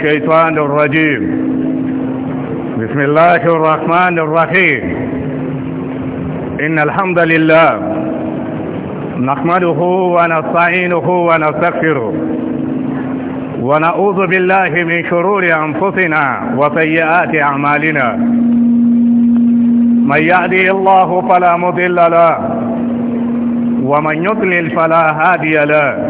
الشيطان الرجيم بسم الله الرحمن الرحيم إن الحمد لله نحمده ونستعينه ونستغفره ونعوذ بالله من شرور أنفسنا وسيئات أعمالنا من يهدي الله فلا مضل له ومن يضلل فلا هادي له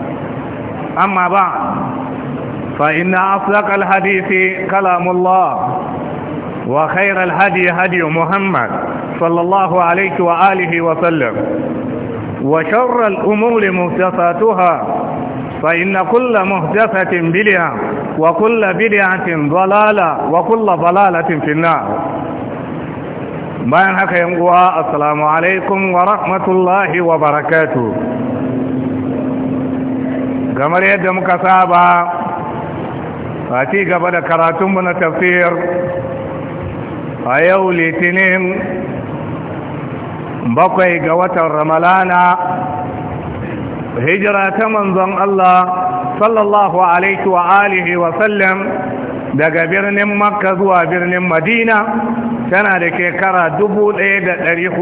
أما بعد فإن أصدق الحديث كلام الله وخير الهدي هدي محمد صلى الله عليه وآله وسلم وشر الأمور مهدفاتها فإن كل مهدفة بدعة وكل بدعة ضلالة وكل ضلالة في النار بيان حكا السلام عليكم ورحمة الله وبركاته kamar yadda muka saba a ci gaba da karatunmu na tafsir a yau litinin bakwai ga watan ramalana hijira ta manzon Allah sallallahu alaihi wa alihi wa sallam daga birnin makka zuwa birnin madina tana da shekara 1442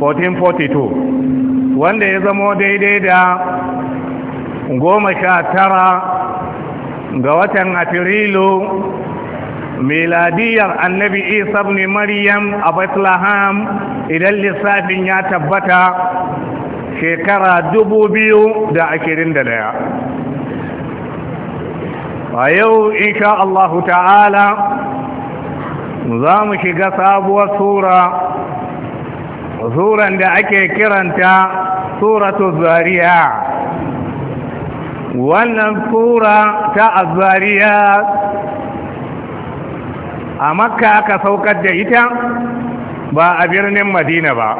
1442 wanda ya zamo daidai da goma sha tara ga watan afirilu miladiyar annabi isa ne maryam a bethlehem idan lissafin ya tabbata shekara dubu biyu da ashirin da daya a yau insha Allahu ta'ala za mu shiga sabuwar sura suran da ake kiranta suratu zariya wannan sura ta azariya a makka aka saukar da ita ba a birnin madina ba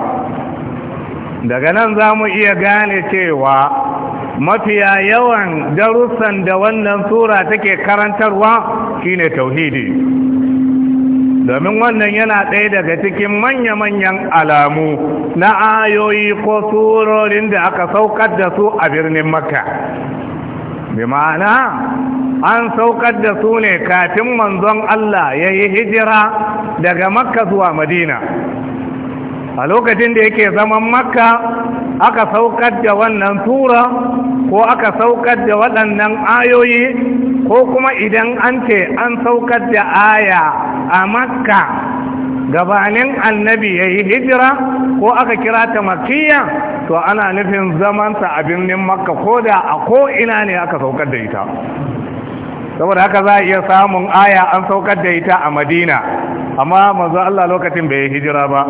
daga nan za mu iya gane cewa mafiya yawan darussan da wannan sura take karantarwa shine tauhidi domin wannan yana ɗaya daga cikin manya-manyan alamu na ayoyi ko surorin da aka saukar da su a birnin makka bi ma'ana an saukar da su ne kafin manzon Allah ya yi hijira daga makka zuwa madina a lokacin da yake zaman makka aka saukar da wannan tura ko aka saukar da waɗannan ayoyi ko kuma idan an ce an saukar da aya a makka gabanin annabi ya yi hijira ko aka kira ta makiyya to ana nufin zamansa a birnin makka ko da a ko ina ne aka saukar da ita saboda haka za a iya samun aya an saukar da ita a madina amma mazu Allah lokacin bai yi hijira ba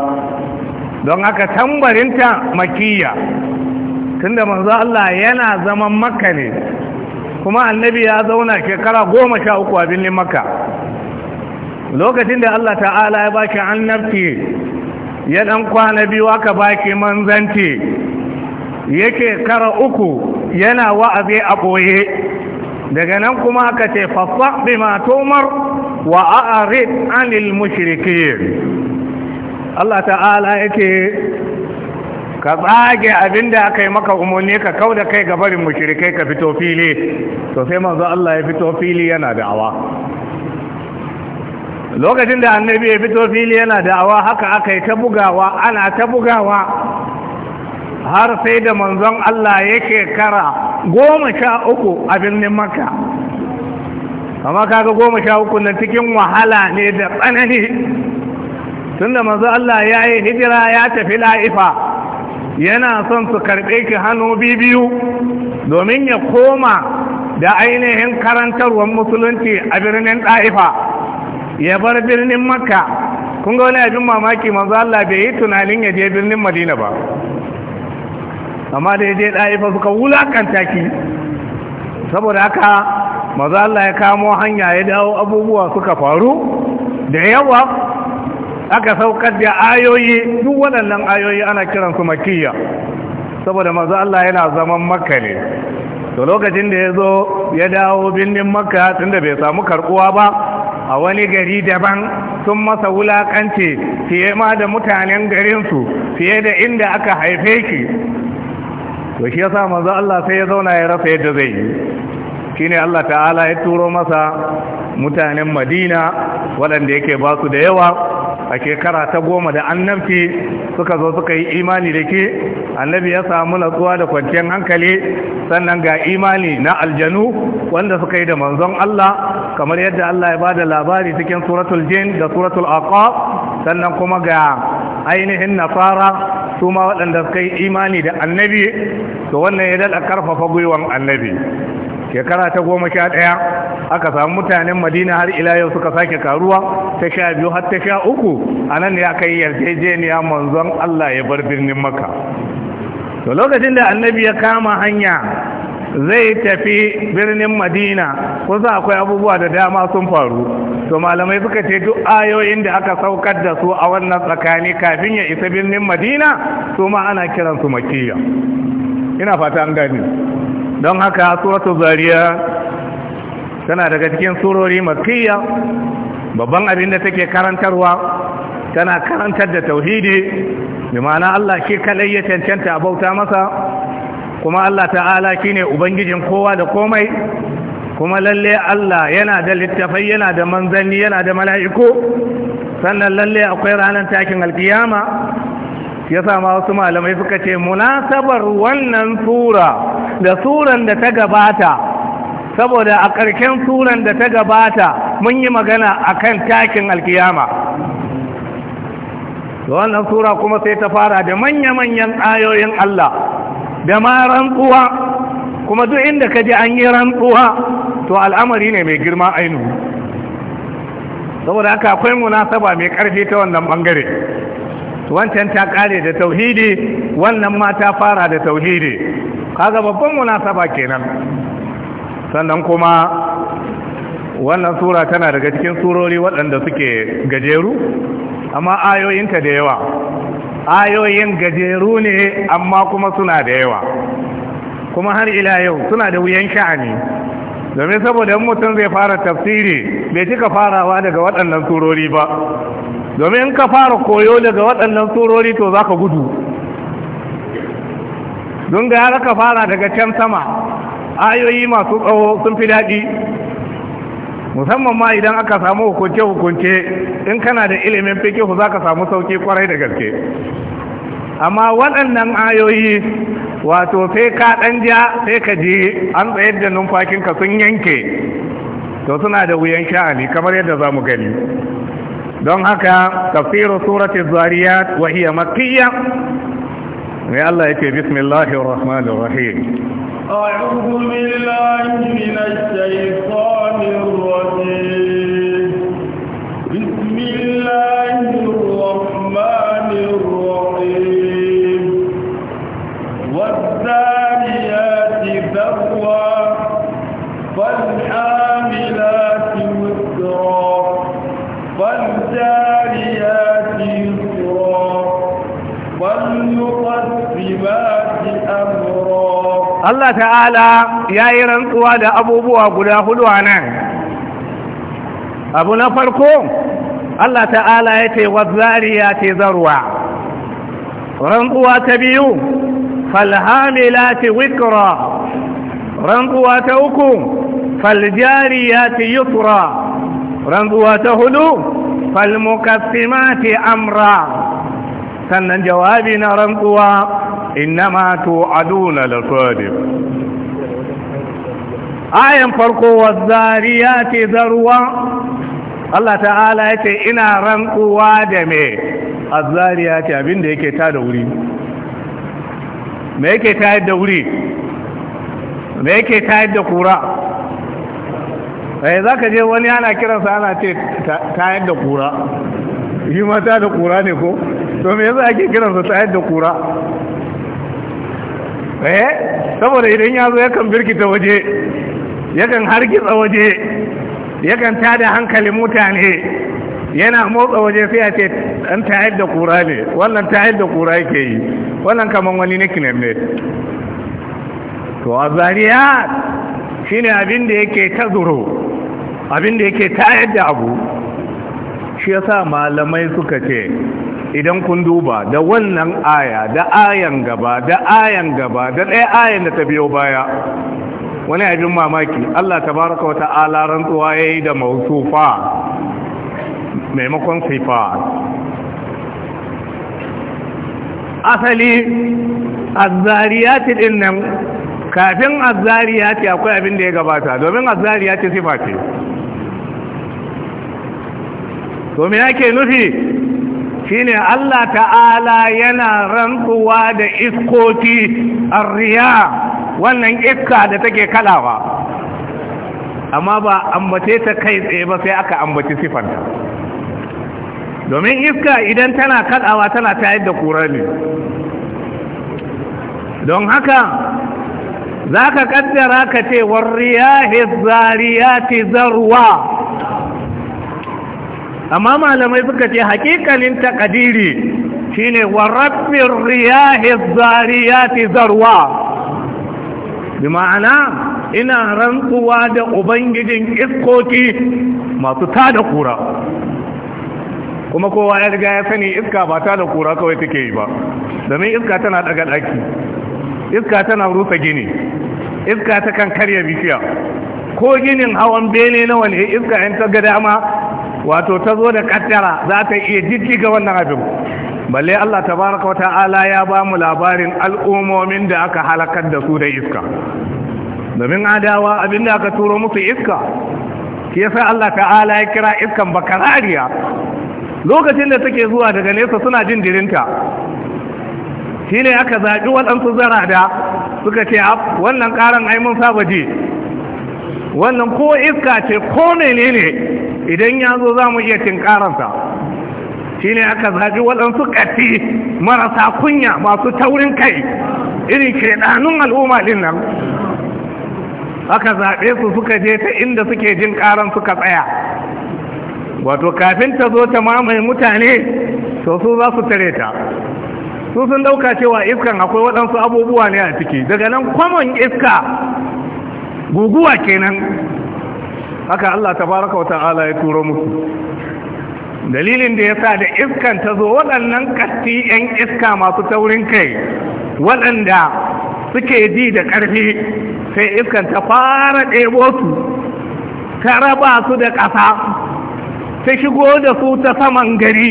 don haka tambarinta makiyya tunda mazu Allah yana zaman makka ne kuma annabi ya zauna shekara goma sha uku a birnin makka lokacin da Allah ta'ala ya baki annabci ya ɗan kwana biyu aka baki manzanci yake kara uku yana wa'azi a boye daga nan kuma aka ce fassa bima tumar wa a'rid anil mushrikeen Allah ta'ala yake ka tsage abinda aka yi maka umarni ka kau da kai gabarin mushrikai ka fito fili to sai manzo Allah ya fito fili yana da'awa lokacin da annabi ya fito fili yana da'awa haka aka yi ta bugawa ana ta bugawa har sai da manzon Allah yake kara goma sha uku a birnin makka kama kaga goma sha uku na cikin wahala ne da tsanani tunda manzon Allah ya yi hijira ya tafi la'ifa yana son su karɓe ki hannu biyu domin ya koma da ainihin karantarwar musulunci a birnin ɗa'ifa ya bar birnin makka kun ga wani abin mamaki manzo Allah bai yi tunanin ya je birnin madina ba amma da ya je ɗaifa suka wulakanta ki saboda haka manzo Allah ya kamo hanya ya dawo abubuwa suka faru da yawa aka saukar da ayoyi duk waɗannan ayoyi ana kiransu makiyya saboda manzo Allah yana zaman makka ne to lokacin da ya zo ya dawo birnin makka tunda bai samu karɓuwa ba a wani gari daban sun masa wulakanci fiye ma da mutanen garinsu fiye da inda aka haife ki to shi yasa manzo Allah sai ya zauna ya rasa yadda zai yi shine Allah ta'ala ya turo masa mutanen madina waɗanda yake ba su da yawa a shekara ta goma da annabci suka zo suka yi imani da ke annabi ya samu natsuwa da kwanciyar hankali sannan ga imani na aljanu wanda suka yi da manzon Allah kamar yadda Allah ya bada labari cikin suratul jin da suratul aqab sannan kuma ga ainihin nasara su ma waɗanda suka yi imani da annabi to wannan ya daɗa ƙarfafa gwiwan annabi shekara ta goma sha ɗaya aka samu mutanen madina har ila yau suka sake karuwa ta sha biyu har ta sha uku a nan ne aka yarjejeniya manzon Allah ya bar birnin maka to lokacin da annabi ya kama hanya zai tafi birnin madina kusa akwai abubuwa da dama sun faru to malamai suka ce duk ayoyin da aka saukar da su a wannan tsakani kafin ya isa birnin madina su ma ana kiransu makiya ina fata an gani don haka suratul zariya tana daga cikin surori makiyya babban abin da take karantarwa tana karantar da tauhidi bi ma'ana Allah shi kalai ya cancanta a bauta masa kuma Allah ta'ala ne ubangijin kowa da komai kuma lalle Allah yana da littafai yana da manzanni yana da mala'iku sannan lalle akwai ranar takin alkiyama ya ma wasu malamai suka ce munasabar wannan sura da suran da ta gabata saboda a ƙarshen suran da ta gabata mun yi magana akan takin alkiyama da wannan sura kuma sai ta fara da manya-manyan ayoyin Allah da ma rantsuwa kuma duk inda ka ji an yi rantsuwa to al'amari ne mai girma ainihu saboda haka akwai munasaba mai ƙarfi ta wannan ɓangare wancan ta ƙare da tauhidi wannan ma ta fara da tauhidi kaga babban munasaba kenan sannan kuma wannan sura tana daga cikin surori waɗanda suke gajeru amma ayoyinta da yawa ayoyin gajeru ne amma kuma suna da yawa kuma har ila yau suna da wuyan sha'ani domin saboda mutum zai fara tafsiri bai cika farawa daga waɗannan surori ba domin ka fara koyo daga waɗannan surori to za ka gudu don ga ya ka fara daga can sama ayoyi masu tsawo sun fi daɗi musamman ma idan aka samu hukunce-hukunce in kana da ilimin fikihu za ka samu sauki kwarai da gaske amma waɗannan ayoyi wato sai ka ɗanja sai ka ji an tsayar da numfakinka sun yanke to suna da wuyan sha'ani kamar yadda za mu gani don haka tafsirin surat zariyat wahiyar makiyar يا الله يكي بسم الله الرحمن الرحيم أعوذ بالله من الشيطان الرجيم Allah ta'ala ya yi rantsuwa da abubuwa guda hudu a nan abu na farko Allah ta'ala ya ce wazzariya ce zarwa rantsuwa ta biyu falhamila ce wikra rantsuwa ta uku faljariya ce yutura rantsuwa ta hudu falmukassima ce amra sannan jawabi na rantsuwa innama tu'aduna lasadiq ayan farko wazariyati zarwa Allah ta'ala yace ina rankuwa da me azariyati abinda yake ta da wuri me yake ta da wuri me yake ta da kura eh zaka je wani ana kiransa ana ce ta da kura shi ma ta da kura ne ko to me yasa ake kiransa ta da kura eh saboda idan ya zo yakan birkita waje yakan hargitsa waje yakan tada hankalin mutane yana motsa waje sai a ce an tayar da kura ne wannan tayar da kura yake yi wannan kamar wani nickname ne to azariya shine abin da yake ta zuro abin da yake tayar da abu shi yasa malamai suka ce idan kun duba da wannan aya da ayan gaba da ayan gaba da ɗaya ayan da ta biyo baya wani abin mamaki Allah ta wata wa ta'ala rantsuwa yi da mausufa maimakon sifa asali azzariyati din nan kafin azzariyati akwai abin da ya gabata domin azzariyati sifa ce to me yake nufi shine Allah ta'ala yana rantsuwa da iskoti arriya wannan iska da take kalawa amma ba ambace ta kai tsaye ba sai aka ambaci sifanta domin iska idan tana kalawa tana tayar da kura don haka za ka kaddara ka ce warriya zarwa amma malamai suka ce hakikalin takadiri shine wa rabbir zariyati zarwa bi ma'ana ina rantsuwa da ubangijin iskoki masu tada kura kuma kowa ya riga ya sani iska ba ta kura kawai take yi ba domin iska tana daga daki iska tana rusa gini iska ta kan karya bishiya ko ginin hawan bene nawa ne iska in ta ga dama wato ta zo da kaddara za ta iya jijjiga wannan abin balle Allah tabaraka wa ta'ala ya ba mu labarin al'umomin da aka halakar da su da iska domin adawa abin da aka turo musu iska shi yasa Allah ta'ala ya kira iskan bakarariya lokacin da take zuwa daga nesa suna jin dirinta shi ne aka zaɓi waɗansu zarada suka ce wannan ƙaran ai mun saba ji wannan ko iska ce ko menene ne idan ya zo za mu iya tinkararsa shi ne aka zaji waɗansu ƙafi marasa kunya masu taurin kai irin shaidanun al'umma ɗin nan aka zaɓe su suka je ta inda suke jin ƙaran suka tsaya wato kafin ta zo ta mamaye mutane to su za su tare ta su sun ɗauka cewa iskan akwai waɗansu abubuwa ne a ciki daga nan kwamon iska guguwa kenan haka Allah ta baraka wa ta'ala ya turo musu dalilin da ya sa da iskan ta zo waɗannan kasti 'yan iska masu taurin kai waɗanda suke ji da ƙarfi sai iskan ta fara ɗebo su ta raba su da ƙasa ta shigo da su ta saman gari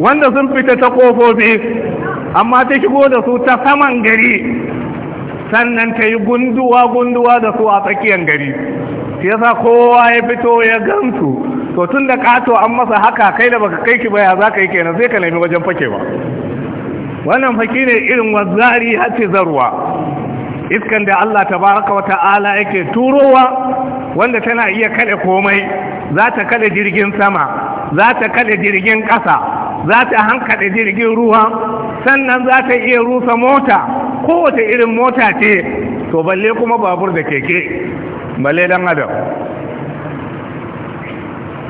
wanda sun fita ta ƙofofi amma ta shigo da su ta saman gari sannan ta yi gunduwa-gunduwa da su a tsakiyar gari shi yasa kowa ya fito ya gamsu to tun da kato an masa haka kai da baka kai shi ba ya zaka yi kenan sai ka nemi wajen fake ba. wannan faki ne irin wazari hace zarwa iskan da Allah tabaraka wa ta'ala yake turowa wanda tana iya kale komai za ta kale jirgin sama za ta kale jirgin ƙasa za ta hankada jirgin ruwa sannan za ta iya rusa mota kowace irin mota ce to balle kuma babur da keke bale dan adam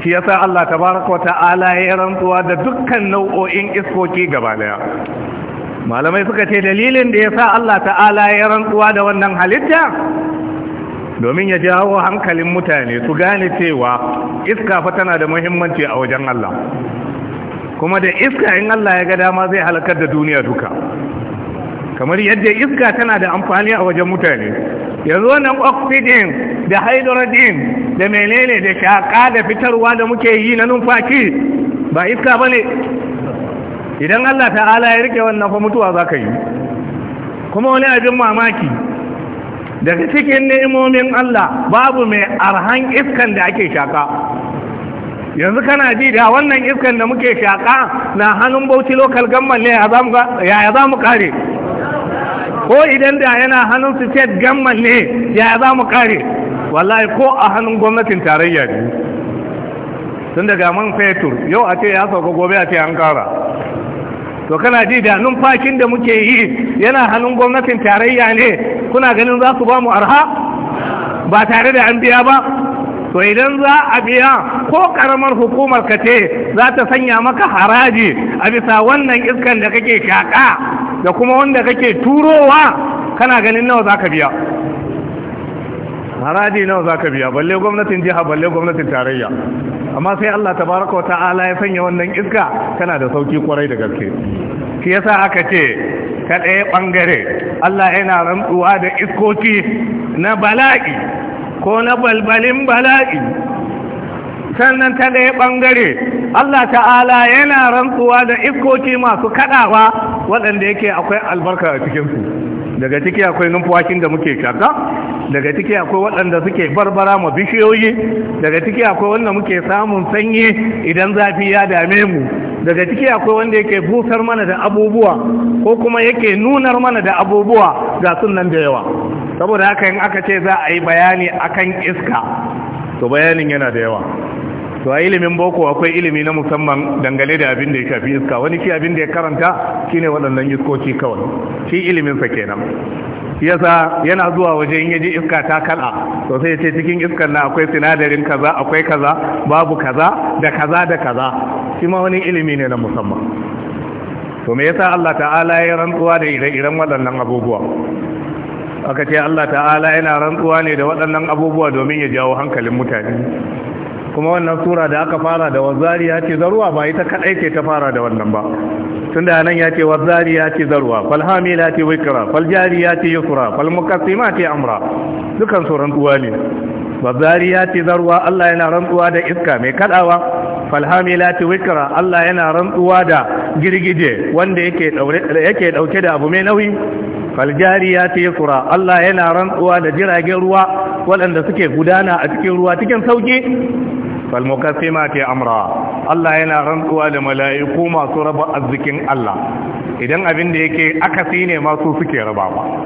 shi yasa Allah tabaraka wata'ala ya rantsuwa da dukkan nau'o'in iskoki gaba daya malamai suka ce dalilin da yasa Allah ta'ala ya rantsuwa da wannan halitta domin ya jawo hankalin mutane su gane cewa iska fa tana da muhimmanci a wajen Allah kuma da iska in Allah ya ga dama zai halakar da duniya duka kamar yadda iska tana da amfani a wajen mutane yanzu wannan oxygen da hydrogen da menene da shaka da fitarwa da muke yi na numfashi ba iska ba idan Allah ta'ala ya rike wannan fa mutuwa za ka yi kuma wani abin mamaki daga cikin ni'imomin Allah babu mai arhan iskan da ake shaƙa yanzu kana ji da wannan iskan da muke shaka na hannun bauchi local government ne yaya za mu kare ko idan da yana hannun su ce gamman ne ya za mu kare wallahi ko a hannun gwamnatin tarayya ne tun daga man fetur yau a ce ya sauka gobe a ce an kara to kana ji da numfashin da muke yi yana hannun gwamnatin tarayya ne kuna ganin za su ba mu arha ba tare da an biya ba to idan za a biya ko karamar hukumar ka ce za ta sanya maka haraji a bisa wannan iskan da kake shaƙa da kuma wanda kake turowa kana ganin nawa za ka biya haraji nawa za ka biya balle gwamnatin jiha balle gwamnatin tarayya amma sai Allah Ta baraka wa ta'ala ya sanya wannan iska Kana da sauki kwarai da gaske shi yasa aka ce ka ɗaya ɓangare Allah yana rantsuwa da iskoki na bala'i ko na balbalin bala'i sannan ta ɗaya ɓangare Allah ta'ala yana rantsuwa da iskoki masu kaɗawa waɗanda yake akwai albarka a cikinsu daga ciki akwai numfashin da muke shaka daga ciki akwai waɗanda suke barbara ma bishiyoyi daga ciki akwai wanda muke samun sanyi idan zafi ya dame mu daga ciki akwai wanda yake busar mana da abubuwa ko kuma yake nunar mana da abubuwa ga sunan da yawa saboda haka in aka ce za a yi bayani akan iska to bayanin yana da yawa to a ilimin boko akwai ilimi na musamman dangane da abin da ya shafi iska wani shi abin da ya karanta shine waɗannan iskoci kawai shi iliminsa kenan yasa yana zuwa waje in yaji iska ta kala to sai ce cikin iskan na akwai sinadarin kaza akwai kaza babu kaza da kaza da kaza shi ma wani ilimi ne na musamman to me yasa Allah ta'ala ya rantsuwa da ire-iren waɗannan abubuwa aka ce Allah ta'ala yana rantsuwa ne da waɗannan abubuwa domin ya jawo hankalin mutane kuma wannan sura da aka fara da wazariya ya ce zaruwa ba ita kaɗai ce ta fara da wannan ba tun da nan ya ce wazariya ya ce zaruwa falhami ya ce wikira faljari ya ce yusura falmukassima ce amra dukan su rantsuwa ne wazariya ya ce zaruwa Allah yana rantsuwa da iska mai kaɗawa falhami ya ce wikira Allah yana rantsuwa da girgije wanda yake ɗauke da abu mai nauyi ya yusra Allah yana rantsuwa da jiragen ruwa waɗanda suke gudana a cikin ruwa cikin sauki falmukassimati amra Allah yana rantsuwa da mala'iku masu raba arzikin Allah idan abin da yake akasi ne masu suke rabawa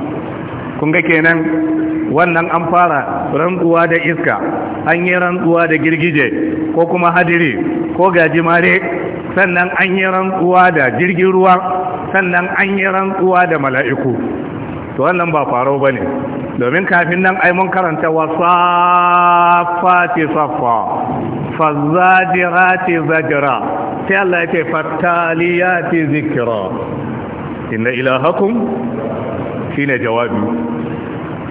kun ga kenan wannan an fara rantsuwa da iska an yi rantsuwa da girgije ko kuma hadiri ko gajimare sannan an yi rantsuwa da jirgin ruwa sannan an yi rantsuwa da mala'iku to wannan ba faro ba ne domin kafin nan ai mun karanta wa saffati saffa fazzajirati zajira sai Allah ya ce fattaliyati zikira inna ilahakum shine jawabi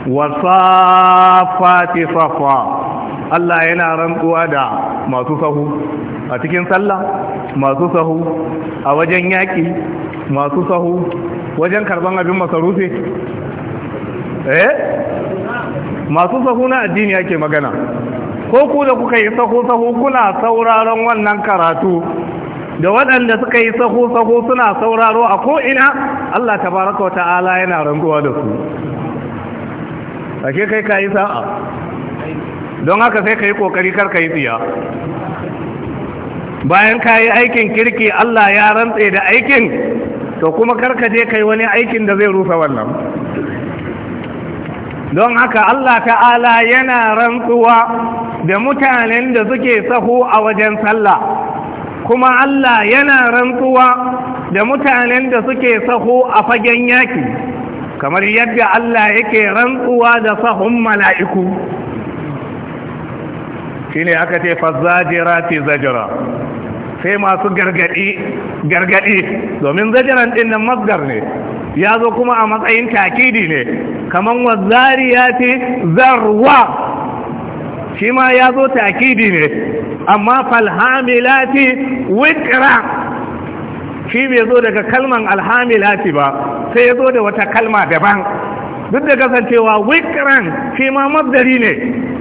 wa saffati saffa Allah yana rantsuwa da masu sahu a cikin sallah masu sahu a wajen yaƙi masu sahu wajen karban abin masarufi eh masu sahu na addini yake magana ko ku da kuka yi sahu-sahu kuna sauraron wannan karatu da waɗanda suka yi sahu-sahu suna sauraro a ko'ina Allah tabaraka wa ta'ala yana rantsuwa da su ake kai ka yi sa'a don haka sai ka yi ƙoƙari kar ka yi tsiya bayan ka yi aikin kirki Allah ya rantse da aikin to kuma kar ka je ka wani aikin da zai rufe wannan don haka Allah ta'ala yana rantsuwa da mutanen da suke sahu a wajen sallah kuma Allah yana rantsuwa da mutanen da suke sahu a fagen yaki kamar yadda Allah yake rantsuwa da sahun mala'iku ne aka ce fazzajirati zajra sai masu gargadi domin zajiran din nan ne ya zo kuma a matsayin takidi ne kaman wazzariyati zarwa shi ma ya zo takidi ne amma falhamilati witra shi bai zo daga kalman alhamilati ba sai ya zo da wata kalma daban duk da kasancewa wikran shi ma mabdari ne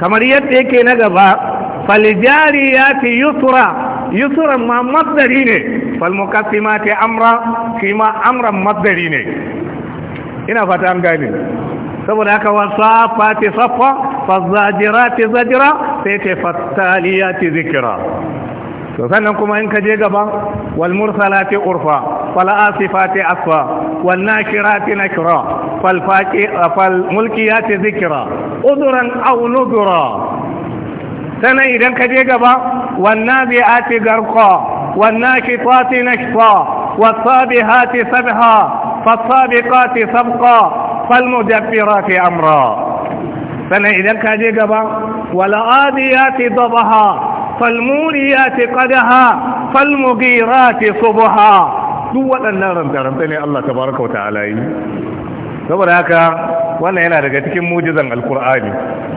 kamar yadda yake na gaba falijari ya fi yusura yusuran ma maddari ne falmukassima ta amra shi ma amran maddari ne ina fata an gani saboda haka wasa fati saffa fazajira ta zajira sai ta fattaliya ta zikira to sannan kuma in ka je gaba walmursalati urfa والآصفات عصفا والناشرات نشرا فالملكيات ذكرا أذرا أو نذرا سنة إذا كجيجبا والنابعات غرقا والناشطات نشطا والصابهات سبها فالسابقات سبقا فالمدبرات أمرا فأنا إذا كاجي قبا والآذيات ضبها فالموريات قدها فالمغيرات صبها duk waɗannan ramta ne Allah ta baraka wata alayi saboda haka wannan yana daga cikin mujizan alkur'ani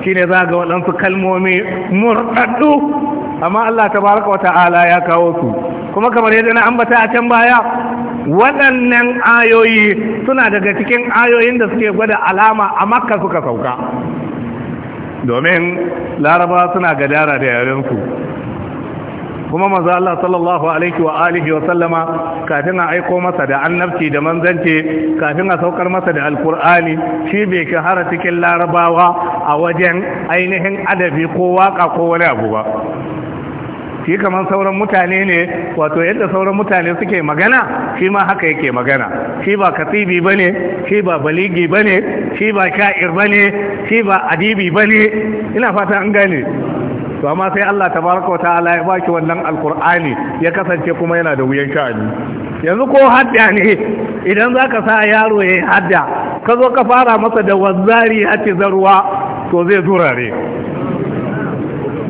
shi ne za ga waɗansu kalmomi murɗaɗɗu amma Allah ta baraka wata ala ya kawo su kuma kamar yadda na ambata a can baya waɗannan ayoyi suna daga cikin ayoyin da suke gwada alama a makka suka sauka domin laraba suna gadara da yarensu kuma manzo Allah sallallahu alaihi wa alihi wa sallama kafin a aiko masa da annabci da manzanci kafin a saukar masa da alkur'ani shi bai shahara cikin larabawa a wajen ainihin adabi ko waka ko wani abu ba shi kamar sauran mutane ne wato yadda sauran mutane suke magana shi ma haka yake magana shi ba katibi bane shi ba baligi bane shi ba sha'ir bane shi ba adibi bane ina fata an gane to amma sai Allah tabaraka wa ta'ala ya baki wannan alkur'ani ya kasance kuma yana da wuyan sha'ani yanzu ko hadda ne idan zaka sa yaro yayi hadda ka zo ka fara masa da wazari hati zarwa to zai turare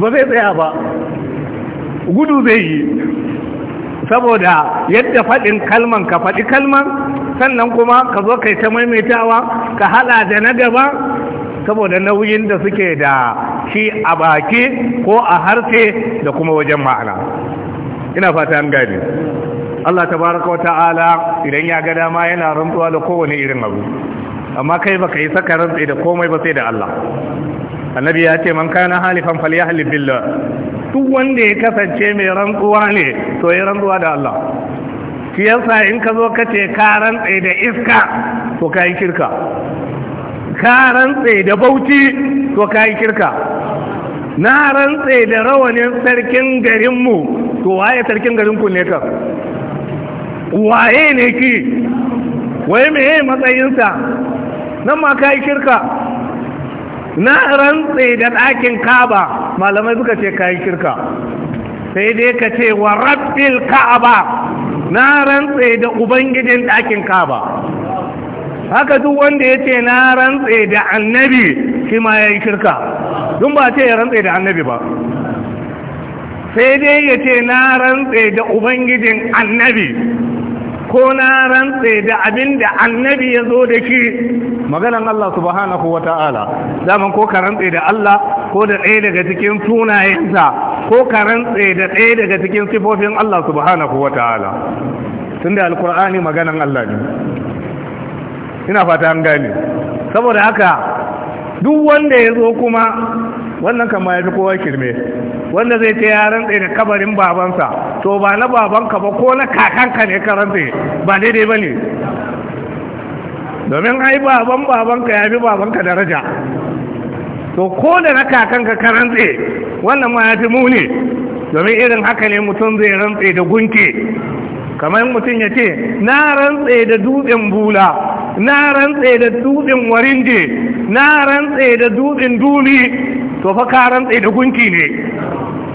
ba zai tsaya ba gudu zai yi saboda yadda faɗin kalman ka faɗi kalman sannan kuma ka zo kai ta maimaitawa ka hada da na gaba saboda nauyin da suke da shi a baki ko a harshe da kuma wajen ma'ana ina fata an gane Allah tabaraka wa ta'ala idan ya ga dama yana rantsuwa da kowane irin abu amma kai baka yi saka rantsi da komai ba sai da Allah annabi ya ce man kana halifan falyahlib billah duk wanda ya kasance mai rantsuwa ne to ya rantsuwa da Allah shi yasa in ka zo ka ce ka rantsi da iska to ka yi kirka ka rantse da bauchi to ka yi kirka na rantse da rawanin sarkin garinmu to waye sarkin garinku ne ka? waye ne ki waye meye matsayinsa nan ma ka yi kirka na rantse da ɗakin kaba malamai suka ce ka yi kirka sai dai ka ce wa rabbil kaba na rantse da ubangijin ɗakin kaba haka duk wanda ya ce na rantse da annabi shi ma ya yi shirka dun ba ce ya rantse da annabi ba sai dai ya ce na rantse da ubangijin annabi ko na rantse da abin da annabi ya zo da shi maganan Allah subhanahu wa ta'ala daman ko ka rantse da Allah ko da ɗaya daga cikin sunayensa ko ka rantse da ɗaya daga cikin sifofin Allah subhanahu wa ta'ala tunda alkur'ani maganan Allah ne ina fata an gane saboda haka duk wanda ya zo kuma wannan kama ya fi kowa kirme wanda zai ce yaran tsaye da kabarin babansa to ba na babanka ba ko na kakanka ne karanta ba daidai ba ne domin ai baban babanka ya fi babanka daraja to ko da na kakanka karanta wannan ma ya fi muni domin irin haka ne mutum zai rantse da gunke kamar mutum ya ce na rantse da dutsen bula na rantse da dutsen warinje na rantse da dutsen duli to fa ka rantse da gunki ne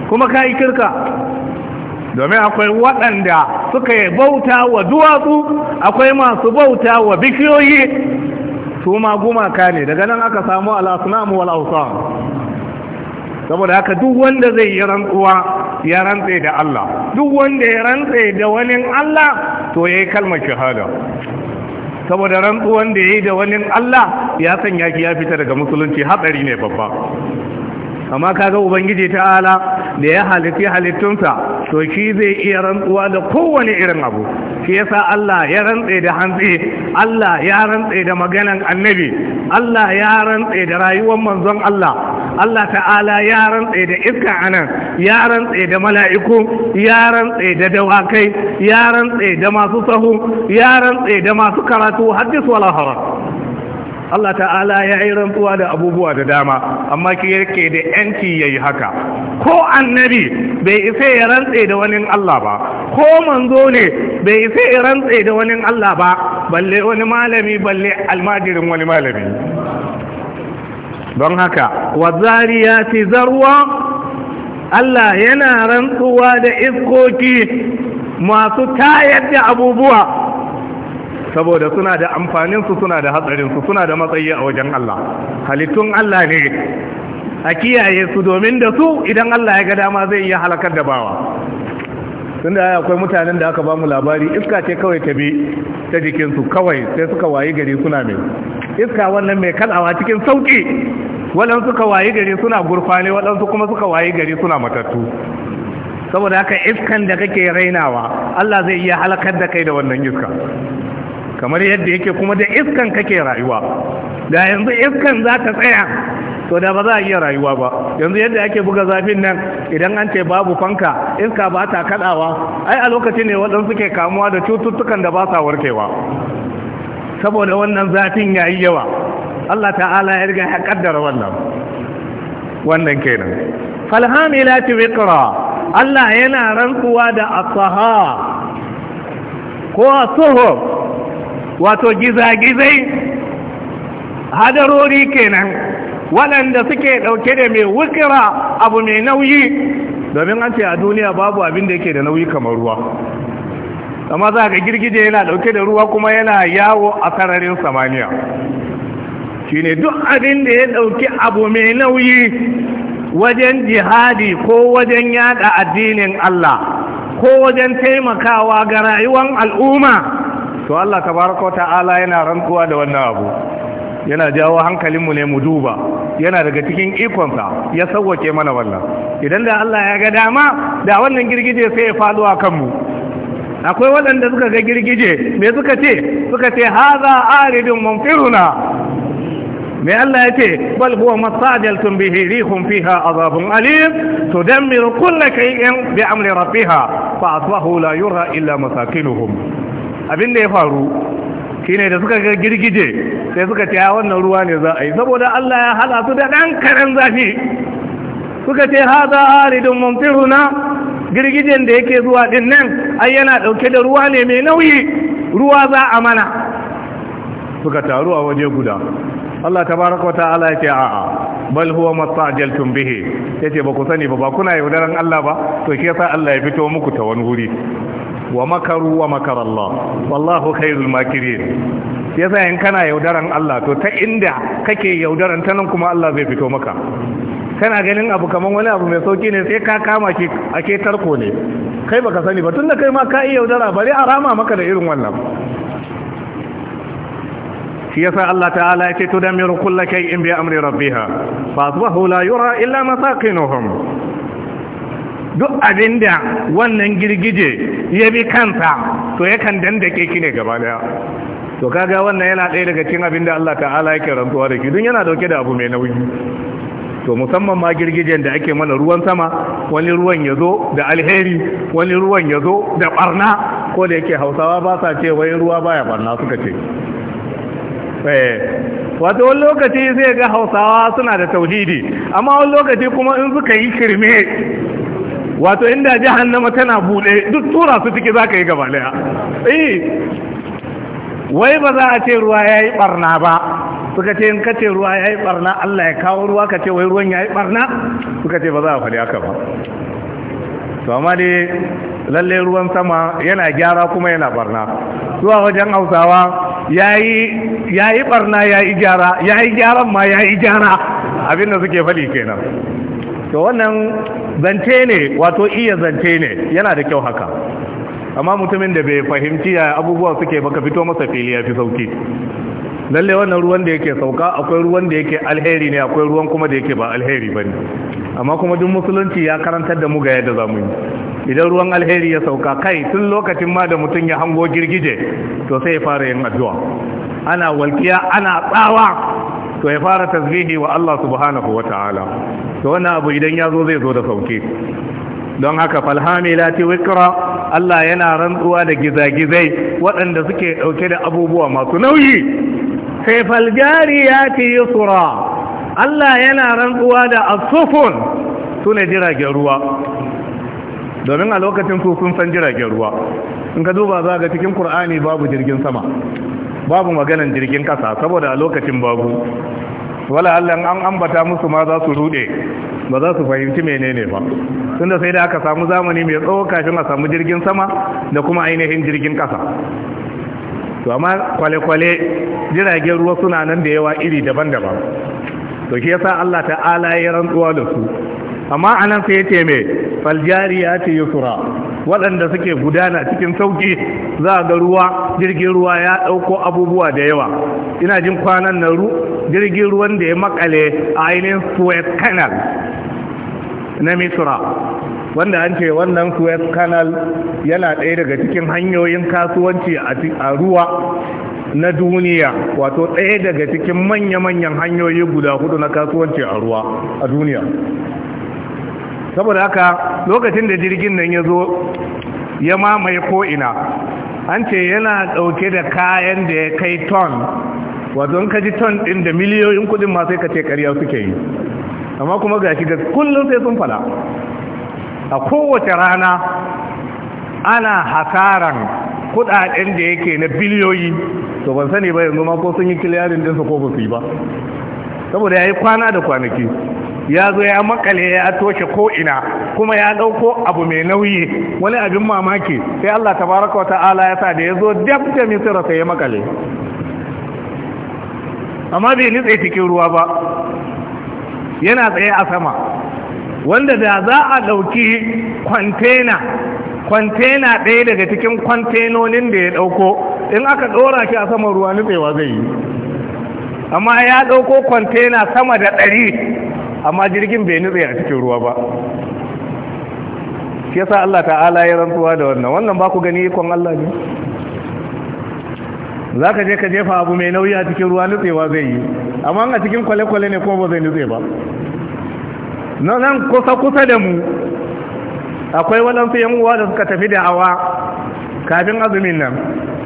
kuma ka yi kirka domin akwai waɗanda suka yi bauta wa duwatsu akwai masu bauta wa bishiyoyi su ma gumaka ne daga nan aka samu al'asunamu ausa. saboda haka duk wanda zai yi rantsuwa ya rantse da Allah duk wanda ya rantse da wani Allah to yayi kalmar shahada saboda rantsuwan da yayi da wani Allah ya sanya ki ya fita daga musulunci hatsari ne babba amma kaga ubangiji ta'ala da ya halitti halittunsa to shi zai iya rantsuwa da kowane irin abu shi yasa Allah ya rantse da hantsi Allah ya rantse da maganan annabi Allah ya rantse da rayuwar manzon Allah Allah ta'ala ya rantse da iska anan ya rantse da mala'iku ya rantse da dawakai ya rantse da masu sahu ya rantse da masu karatu haddis wala haram Allah ta'ala ya yi rantsuwa da abubuwa da dama amma ki yake da yanci yayi haka ko annabi bai isa ya rantse da wani Allah ba ko manzo ne bai isa ya rantse da wani Allah ba balle wani malami balle almajirin wani malami don haka wazariyati zarwa Allah yana rantsuwa da iskoki masu tayar da abubuwa saboda suna da amfaninsu suna da hatsarinsu suna da matsayi a wajen Allah halittun Allah ne a kiyaye su domin da su idan Allah ya ga dama zai iya halakar da bawa tun da akwai mutanen da aka ba mu labari iska ce kawai ta bi ta jikinsu kawai sai suka wayi gari suna mai iska wannan mai kalawa cikin sauki waɗansu suka wayi gari suna gurfane waɗansu kuma suka wayi gari suna matattu saboda haka iskan da kake rainawa Allah zai iya halakar da kai da wannan iska kamar yadda yake kuma da iskan kake rayuwa da yanzu iskan za ta tsaya to da ba za a iya rayuwa ba yanzu yadda ake buga zafin nan idan an ce babu fanka iska ba ta kadawa ai a lokacin ne waɗansu suke kamuwa da cututtukan da ba sa warkewa saboda wannan zafin yayi yawa Allah ta'ala ya riga ya kaddara wannan wannan kenan falhamilati wiqra Allah yana rantsuwa da asaha ko asuhur wato gizagizai hadarori kenan waɗanda suke ɗauke da mai wukira abu mai nauyi domin an ce a duniya babu abin da yake da nauyi kamar ruwa amma za ga girgije yana ɗauke da ruwa kuma yana yawo a sararin samaniya Shi ne duk abin da ya ɗauki abu mai nauyi wajen jihadi ko wajen yada addinin Allah ko wajen taimakawa ga rayuwar al'umma to Allah tabaraka ta'ala yana rantsuwa da wannan abu yana jawo hankalinmu ne mu duba yana daga cikin ikonsa ya sauwake mana wannan idan da Allah ya ga dama da wannan girgije sai ya faɗo a kanmu akwai waɗanda suka ga girgije me suka ce suka ce haza aridun mumfiruna me Allah ya ce bal huwa masajaltun bihi rihum fiha azabun alim tudammiru kulla shay'in bi amri rabbiha fa asbahu la yura illa masakinuhum abin da ya faru shine da suka ga girgije sai suka ce ya wannan ruwa ne za a yi saboda Allah ya hada su da ɗan karen zafi suka ce haza aridun mumtiruna girgijen da yake zuwa din nan ai yana ɗauke da ruwa ne mai nauyi ruwa za a mana suka taru a waje guda Allah ta tabaraka wa ta'ala ya ce a'a bal huwa mastajaltum bihi yace ba ku sani ba ba kuna yaudaran Allah ba to shi yasa Allah ya fito muku ta wani wuri wa makaru wa makar Allah wallahu khairul makirin yasa in kana yaudaran Allah to ta inda kake yaudaran ta nan kuma Allah zai fito maka kana ganin abu kaman wani abu mai sauki ne sai ka kama ki ake tarko ne kai baka sani ba tunda kai ma ka yi yaudara bare a rama maka da irin wannan shi yasa Allah ta'ala ya ce tudammiru kullu in bi amri rabbiha fa asbahu la yura illa masakinuhum duk abinda wannan girgije ya bi kansa to yakan dandake ki ne gaba daya to kaga wannan yana ɗaya daga cikin abin da Allah ta'ala yake rantsuwa da ki dun yana dauke da abu mai nauyi to musamman ma girgijen da ake mana ruwan sama wani ruwan ya zo da alheri wani ruwan ya zo da barna ko da yake hausawa ba sa ce wai ruwa baya barna suka ce eh, wato wani lokaci zai ga hausawa suna da tauhidi amma wani lokaci kuma in suka yi kirme wato inda jahannama tana bude duk tura su ciki zaka yi gaba daya eh wai ba za a ce ruwa yayi barna ba suka ce in ce ruwa yayi barna Allah ya kawo ruwa ka ce wai ruwan yayi barna suka ce ba za a faɗi haka ba to amma dai lalle ruwan sama yana gyara kuma yana barna zuwa wajen hausawa yayi barna yayi gyara yayi gyaran ma yayi gyara abinda suke fali kenan to wannan zance ne wato iya zance ne yana da kyau haka amma mutumin da bai fahimci ya abubuwa suke baka fito masa fili ya fi sauki lalle wannan ruwan da yake sauka akwai ruwan da yake alheri ne akwai ruwan kuma da yake ba alheri ba ne. amma kuma duk musulunci ya karantar da mu ga yadda zamu yi idan ruwan alheri ya sauka kai tun lokacin ma da mutum ya hango girgije to sai ya fara yin addu'a ana walkiya ana tsawa to ya fara tasbihi wa Allah subhanahu wa ta'ala to wannan abu idan ya zo zai zo da sauki don haka falhamilati wikra Allah yana rantsuwa da gizagizai waɗanda suke ɗauke da abubuwa masu nauyi sai falgariyati yusra Allah yana rantsuwa da asufun sune jiragen ruwa domin a lokacin su sun san jiragen ruwa in ka duba za ga cikin Kur'ani babu jirgin sama babu maganan jirgin kasa saboda a lokacin babu wala Allah an ambata musu ma za su rude ba za su fahimci menene ba tunda sai da aka samu zamani mai tsawo kafin a samu jirgin sama da kuma ainihin jirgin kasa to amma kwale-kwale jiragen ruwa suna nan da yawa iri daban-daban to shi yasa Allah ta'ala ya rantsuwa da su amma anan sai ya ce me ya ci yusra waɗanda suke gudana cikin sauƙi za a ga ruwa jirgin ruwa ya ɗauko abubuwa da yawa ina jin kwanan na ru jirgin ruwan da ya makale a ainihin suez canal na misra wanda an ce wannan suez canal yana ɗaya daga cikin hanyoyin kasuwanci a ruwa na duniya wato ɗaya daga cikin manya-manyan hanyoyi guda hudu na kasuwanci a ruwa a duniya saboda haka lokacin da jirgin nan ya zo ya mamaye ko'ina an ce yana dauke da kayan da ya kai ton wato ka ton ɗin da miliyoyin kudin masu ka ce suke yi amma kuma ga shi kullum sai sun fada a kowace rana ana hasaran kudaden da yake na biliyoyi to ban sani ba yanzu ma ko sun yi kiliyarin dinsa ko ba su yi ba saboda ya yi kwana da kwanaki ya zo ya makale ya toshe ko ina kuma ya dauko abu mai nauyi wani abin mamaki sai Allah tabaraka wata'ala ya sa da ya zo dab da misira sai ya makale amma bai nitse cikin ruwa ba yana tsaye a sama wanda da za a dauki kwantena kwantena ɗaya daga cikin kwantenonin da ya ɗauko in aka ɗora shi a saman ruwa nutsewa zai yi amma ya ɗauko kwantena sama da ɗari amma jirgin bai nutse a cikin ruwa ba shi yasa Allah ta'ala ya rantsuwa da wannan wannan ba ku gani ikon Allah ne za ka je ka jefa abu mai nauyi a cikin ruwa nutsewa zai yi amma a cikin kwale-kwale ne ko ba zai nutse ba nan kusa-kusa da mu akwai waɗansu yan uwa da suka tafi da awa kafin azumin nan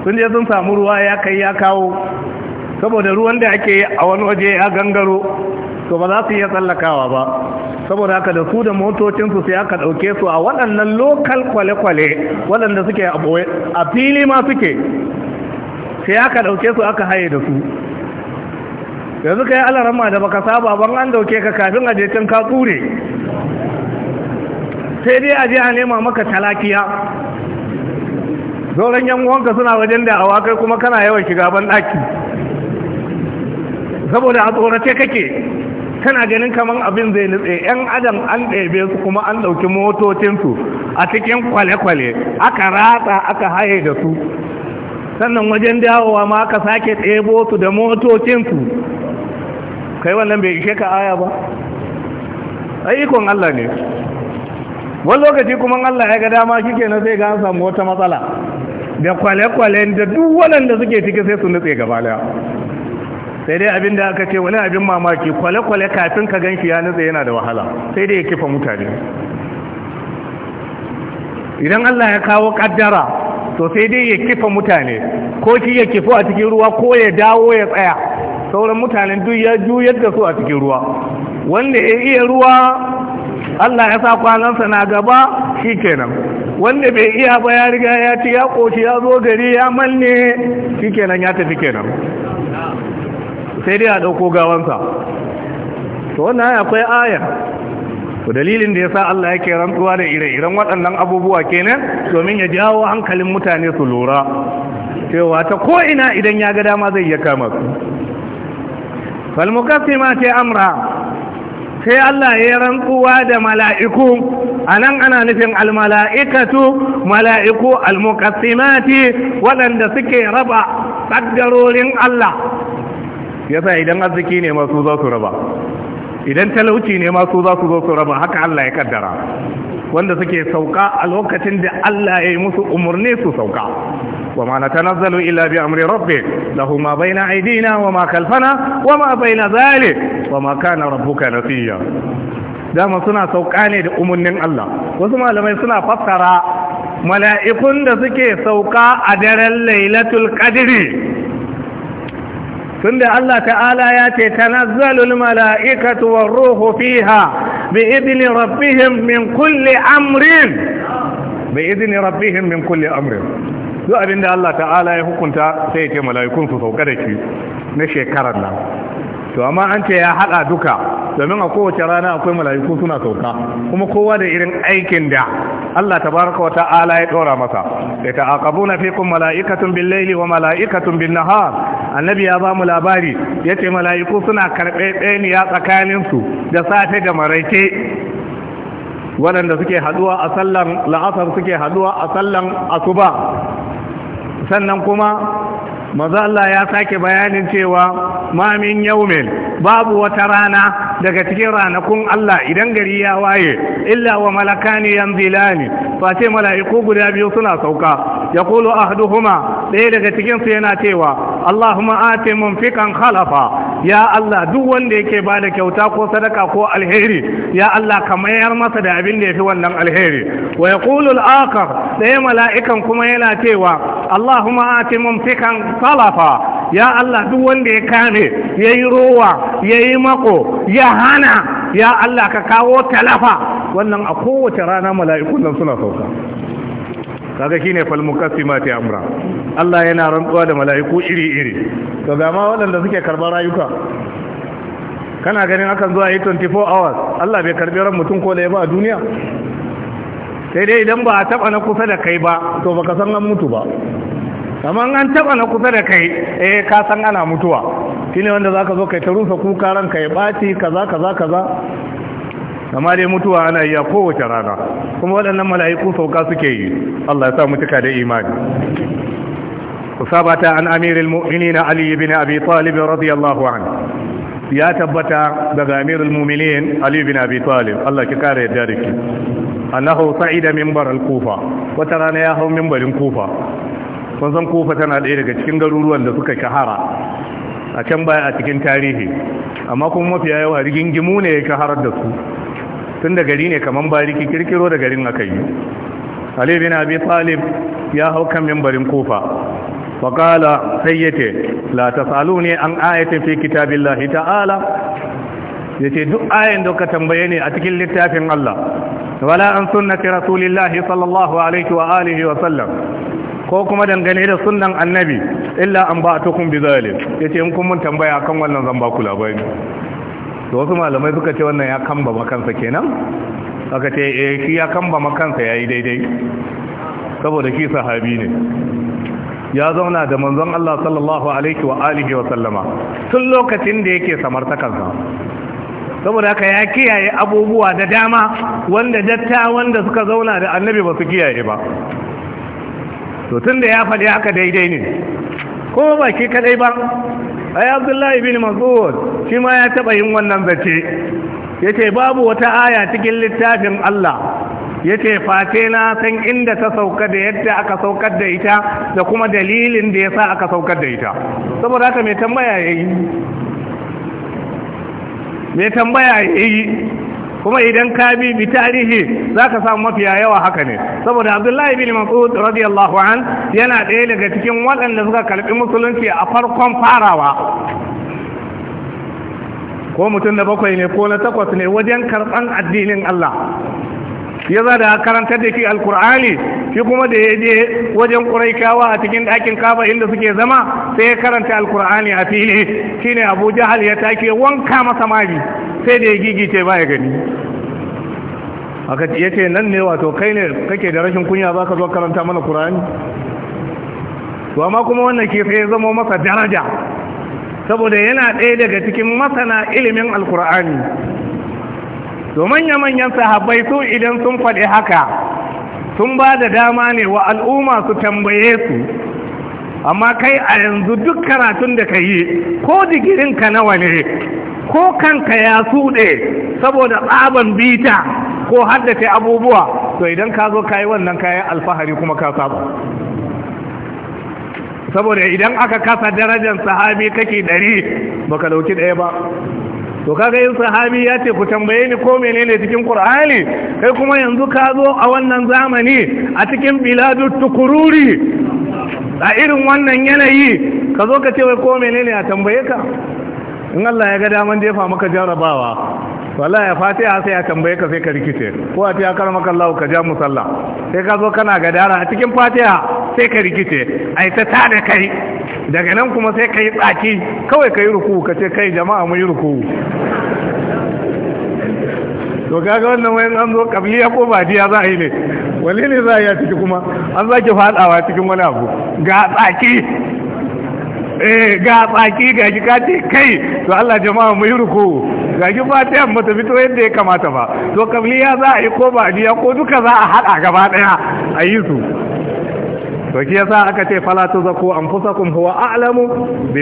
sun je sun samu ruwa ya kai ya kawo saboda ruwan da ake a wani waje ya gangaro to ba za su iya tsallakawa ba saboda haka da su da motocinsu sai aka ɗauke su a waɗannan lokal kwale-kwale waɗanda suke a a fili ma suke sai aka ɗauke su aka haye da su yanzu ka yi alarama da baka saba ban an ɗauke ka kafin a can ka tsure sai dai a je a nema maka talakiya sauran yan uwanka suna wajen da awa kai kuma kana yawan shiga ban ɗaki saboda a tsorace kake kana ganin kamar abin zai nutse yan adam an ɗebe su kuma an ɗauki motocinsu a cikin kwale-kwale aka ratsa aka haye da su sannan wajen dawowa ma aka sake ɗebo su da motocinsu kai wannan bai ishe ka aya ba aikon Allah ne wani lokaci kuma Allah ya ga dama kike na sai ga an samu wata matsala da kwale-kwalen da duk waɗanda suke ciki sai su nutse gaba sai dai abin da aka ce wani abin mamaki kwale-kwale kafin ka gan shi ya nutse yana da wahala sai dai ya kifa mutane idan Allah ya kawo kaddara to sai dai ya kifa mutane ko shi ya kifo a cikin ruwa ko ya dawo ya tsaya sauran mutanen duk ya juyar da su a cikin ruwa wanda ya iya ruwa Allah ya sa kwanansa na gaba shi kenan wanda bai iya ba ya riga ya ci ya ƙoshi ya zo gari ya manne shi kenan ya tafi kenan sai dai a ɗauko gawansa to wannan aya akwai aya to dalilin da ya sa Allah yake rantsuwa da ire-iren waɗannan abubuwa kenan domin ya jawo hankalin mutane su lura cewa ta koina idan ya ga dama zai iya kama su ce amra sai Allah ya rantsuwa da mala'iku a nan ana nufin almala'ikatu mala'iku almukasimati waɗanda suke raba tsaggarorin Allah yasa idan arziki ne masu za su raba idan talauci ne masu za su zo su raba haka Allah ya kaddara wanda suke sauka a lokacin da Allah ya yi musu umarni su sauka wa ma natanazzalu illa bi amri rabbik lahu ma baina aydina wa ma khalfana wa ma baina zalik wa ma kana rabbuka nasiya dama suna sauka ne da umarnin Allah wasu malamai suna fassara mala'ikun da suke sauka a daren lailatul qadri tunda Allah ta'ala ya ce tanazzalul mala'ikatu war ruhu fiha bi idni rabbihim min kulli amrin bi idni rabbihim min kulli amrin duk abinda Allah ta'ala ya hukunta sai ke ce mala'ikun su sauka da shi na shekarar nan to amma an ce ya haɗa duka domin a kowace rana akwai mala'iku suna sauka kuma kowa da irin aikin da Allah tabaraka wa ta'ala ya dora masa ta ta'aqabuna fikum mala'ikatun bil laili wa mala'ikatun bin nahar annabi ya ba mu labari yace mala'iku suna karbe ɗaya tsakanin su da safe da maraice waɗanda suke haduwa a sallan la'asar suke haduwa a sallan asuba sannan kuma Maza Allah ya sake bayanin cewa mamin yaumin babu wata rana daga cikin ranakun Allah idan gari ya waye illa wa malakani yan zilani. ce mala'iku guda biyu suna sauka yaqulu ahduhuma ɗaya daga cikinsu yana cewa Allahumma ati munfiqan khalafa ya Allah duk wanda yake ba da kyauta ko sadaka ko alheri ya Allah ka mayar masa da abin da ya fi wannan alheri wa yaqulu al-akhar sai mala'ikan kuma yana cewa Allahumma ati fikan salafa ya Allah duk wanda ya kame yayi rowa yayi mako ya hana ya Allah ka kawo talafa wannan a kowace rana mala'ikun nan suna sauka kaga shine fal muqassimati amra Allah yana rantsuwa da mala'iku iri iri to ga ma waɗanda suke karɓar rayuka kana ganin akan zuwa yi 24 hours Allah bai karbi ran mutum ko da ya ba a duniya sai dai idan ba a taba na kusa da kai ba to baka san an mutu ba kamar an taba na kusa da kai eh ka san ana mutuwa shine wanda zaka zo kai ta rufe kuka ranka ya baci kaza kaza kaza amma dai mutuwa ana iya kowace rana kuma waɗannan mala'iku sauka suke yi Allah ya sa mutuka da imani usabata an amiril mu'minin ali ibn abi talib radiyallahu anhu ya tabbata daga amirul mu'minin ali ibn abi talib Allah ki kare yadda da annahu sa'ida minbar al-kufa wata rana ya hau minbarin kufa kun san kufa tana ɗaya daga cikin garuruwan da suka shahara a can baya a cikin tarihi amma kuma mafiya yawa rigingimu ne ya shaharar da su tun da gari ne kaman bariki kirkiro da garin aka yi bin Talib ya hau kan mimbarin Kufa wa qala sayyati la ne an ayatin fi kitabillahi ta'ala yace duk ayan da ka tambaye ne a cikin littafin Allah wala an sunnati rasulillahi sallallahu alaihi wa alihi wa sallam ko kuma dangane da sunnan annabi illa an ba'atukum bi zalim yace in kun mun tambaya kan wannan zan ba ku labari Da wasu malamai suka ce wannan ya kamba makansa kenan aka ce eh shi ya kamba makansa yayi daidai saboda shi sahabi ne ya zauna da manzon Allah sallallahu alaihi wa alihi wa sallama tun lokacin da yake samartakansa saboda haka ya kiyaye abubuwa da dama wanda datta wanda suka zauna da annabi ba su kiyaye ba to tun da ya faɗi haka daidai ne ko ba ke kadai ba ai abdullahi bin mas'ud shi ma ya taba yin wannan zace yace babu wata aya cikin littafin Allah yace face na san inda ta sauka da yadda aka saukar da ita da kuma dalilin da yasa aka saukar da ita saboda haka me tambaya yayi me tambaya yayi kuma idan ka bi bi tarihi za ka samu mafiya yawa haka ne saboda abdullahi bin mas'ud radiyallahu an yana ɗaya daga cikin waɗanda suka kalbi musulunci a farkon farawa ko mutum da bakwai ne ko na takwas ne wajen karɓan addinin Allah ya za da karantar da shi alkur'ani shi kuma da ya je wajen kuraikawa a cikin ɗakin kaba inda suke zama sai ya karanta alkur'ani a fili shine abu jahal ya take wanka masa mari sai da ya gigice ba ya gani aka ya ce nan ne wato kai ne kake da rashin kunya za ka zo karanta mana ƙur'ani to amma kuma wannan ke sai ya zama masa daraja saboda yana ɗaya daga cikin masana ilimin alkur'ani to manya-manyan sahabbai su idan sun faɗi haka sun ba da dama ne wa al'umma su tambaye su amma kai a yanzu duk karatun da ka yi ko digirinka nawa ne ko kanka ya suɗe saboda tsaban bita ko haddace abubuwa to idan ka zo ka yi wannan kayan alfahari kuma ka saba saboda idan aka kasa darajar sahabi kake ɗari baka ɗauki ɗaya ba to kaga yin sahabi ya ce ku tambaye ni ko menene cikin qur'ani kai kuma yanzu ka zo a wannan zamani a cikin biladu tukururi a irin wannan yanayi ka zo ka ce wai ko menene a tambaye ka in Allah ya ga daman jefa maka jarabawa wallahi ya fatiha sai ya tambaye ka sai ka rikice ko a ta karama kallahu ka ja musalla sai ka zo kana gadara a cikin fatiha sai ka rikice ai ta tada kai daga nan kuma sai ka yi tsaki kawai ka yi ruku ka ce kai jama'a mu yi ruku to kaga wannan wayan an zo kabliya ko badiya za a yi ne Wani ne za a yi a ciki kuma an zaki fadawa cikin wani abu ga tsaki Eh, ga tsaki ga shi kati kai to Allah jama'a mu yi ruku ga shi ba ta fito yadda ya kamata ba to kabliya za a yi ko ba a ko duka za a haɗa gaba ɗaya a yi su to shi yasa aka ce fala fusa kun huwa a'lamu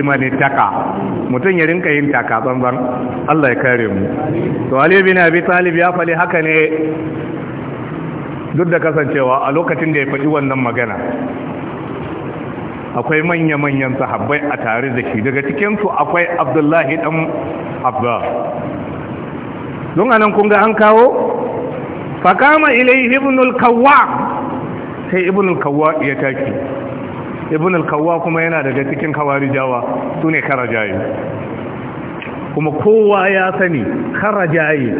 mani taka Mutum ya rinka yin taka banban Allah ya kare mu to Ali bin Abi Talib ya fali haka ne duk da kasancewa a lokacin da ya faɗi wannan magana akwai manya-manyan sahabbai a tare da shi daga cikinsu akwai abdullahi ɗan abba don anan kunga an kawo kama ilai ibnul kawwa sai ibnul kawwa ya taki ibnul kawwa kuma yana daga cikin kawarijawa su ne kuma kowa ya sani karajaye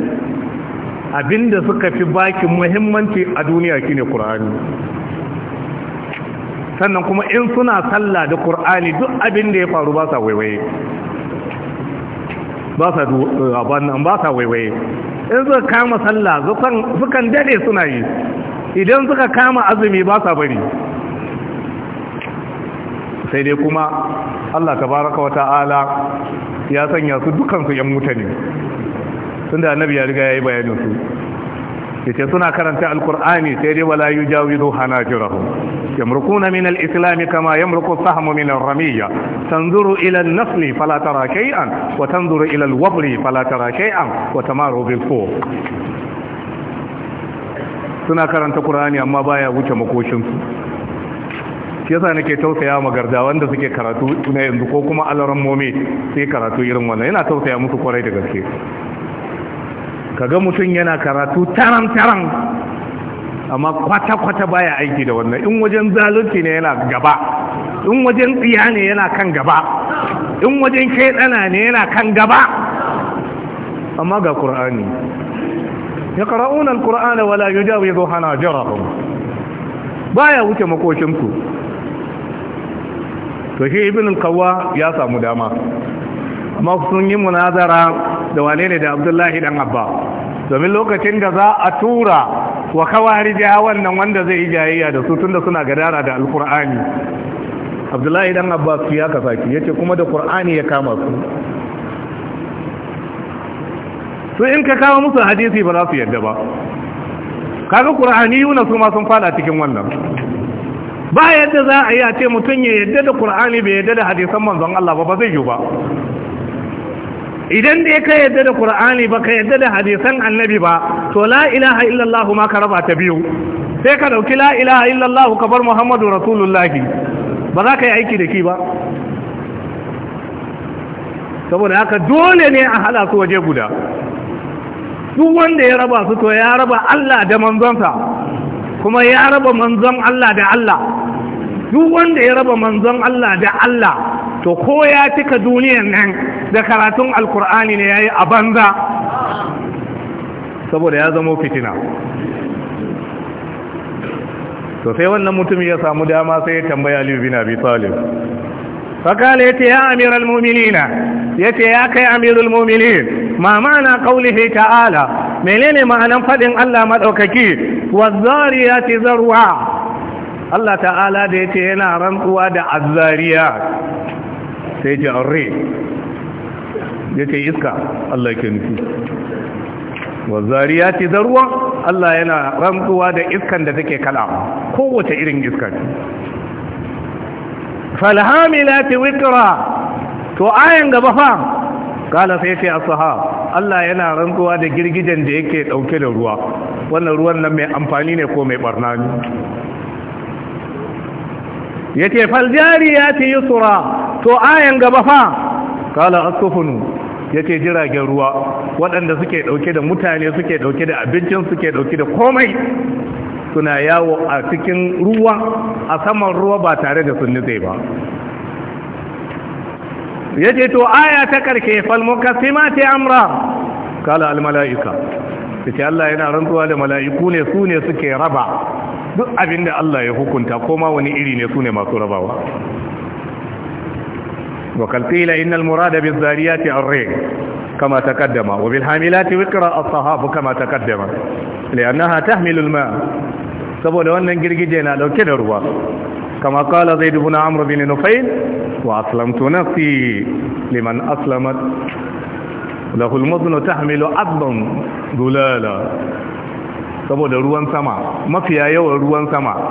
abinda suka fi bakin muhimmanci a duniya shine qur'ani sannan kuma in suna sallah da Qur'ani duk abin da ya faru ba sa waiwaye ba sa eh, abannan ba sa waiwaye in suka kama sallah sukan dade suna yi idan suka kama azumi ba sa bari sai dai kuma Allah tabaraka wata'ala ya sanya su dukansu yan mutane tunda annabi ya riga ya yi bayanin su yace suna karanta alqur'ani sai dai wala yujawizu hanajirahum يمرقون من الإسلام كما يمرق السهم من الرمية تنظر إلى النسل فلا ترى شيئا وتنظر إلى الوبر فلا ترى شيئا وتمار suna karanta Kur'ani amma baya wuce makoshinsu yasa nake tausaya ma gardawan da suke karatu na yanzu ko kuma alaran mome sai karatu irin wannan yana tausaya musu kwarai da gaske kaga mutum yana karatu taram taram amma kwata-kwata baya aiki da wannan in wajen zalunci ne yana gaba in wajen tsiya ne yana kan gaba in wajen shaidana ne yana kan gaba amma ga ƙura'ani ya ƙara'unan al wala yi jawo ya zo hana ba baya wuce makocinku to shi ibn kawwa ya samu dama amma sun yi munazara da wane ne da abdullahi dan abba domin lokacin da za a tura wa kawarija wannan wanda zai yi jayayya da su tunda suna gadara da alkur'ani abdullahi dan abbas ya saki ya ce kuma da kur'ani ya kama su to in ka kawo musu hadisi ba za su yadda ba kaga yuna su ma sun fada cikin wannan ba yadda za a yi a ce mutum ya yadda da kur'ani bai yadda da hadisan manzon Allah ba ba zai yi ba idan da ka yadda da qur'ani ba ka yadda da hadisan annabi ba to la ilaha illallah ma ka raba ta biyu sai ka dauki la ilaha illallah ka bar muhammadu rasulullahi ba za ka yi aiki da ki ba saboda haka dole ne a hada su waje guda duk wanda ya raba su to ya raba Allah da manzonsa kuma ya raba manzon Allah da Allah duk wanda ya raba manzon Allah da Allah to ko ya cika duniyar nan da karatun alkur'ani ne ya yi a banza saboda ya zamo fitina to sai wannan mutum ya samu dama sai ya tambaya aliyu bin abi talib fakala yace ya amiral yace ya kai amirul mu'minin ma ma'ana qaulihi ta'ala menene ma'anan fadin Allah ya wazariyati zarwa Allah ta'ala da yace yana rantsuwa da azzariya sai jarri ya ce iska Allah ke nufi wa zariya ce Allah yana rantsuwa da iskan da take kala kowace irin iska ce falhamila to ayan gaba fa kala sai ce asaha Allah yana rantsuwa da girgijen da yake dauke da ruwa wannan ruwan nan mai amfani ne ko mai barna ne ya ce faljari ya ce to ayan gaba fa kala asufunu yace jiragen ruwa waɗanda suke dauke da mutane suke dauke da abincin suke dauke da komai suna yawo a cikin ruwa a saman ruwa ba tare da sun nitse ba yace to aya ta karke fal mukassimati amra kala al malaika yace Allah yana rantsuwa da mala'iku ne su ne suke raba duk abinda Allah ya hukunta koma wani iri ne su ne masu rabawa وقال قيل إن المراد بالزاريات الريق كما تقدم وبالحاملات وكرة الصحاب كما تقدم لأنها تحمل الماء سبو لو أنن قرق جينا لو كنروا كما قال زيد بن عمرو بن نفيل وأسلمت نفسي لمن أسلمت له المضن تحمل عظم ذلالا سبو روان سما ما في أيوة روان سما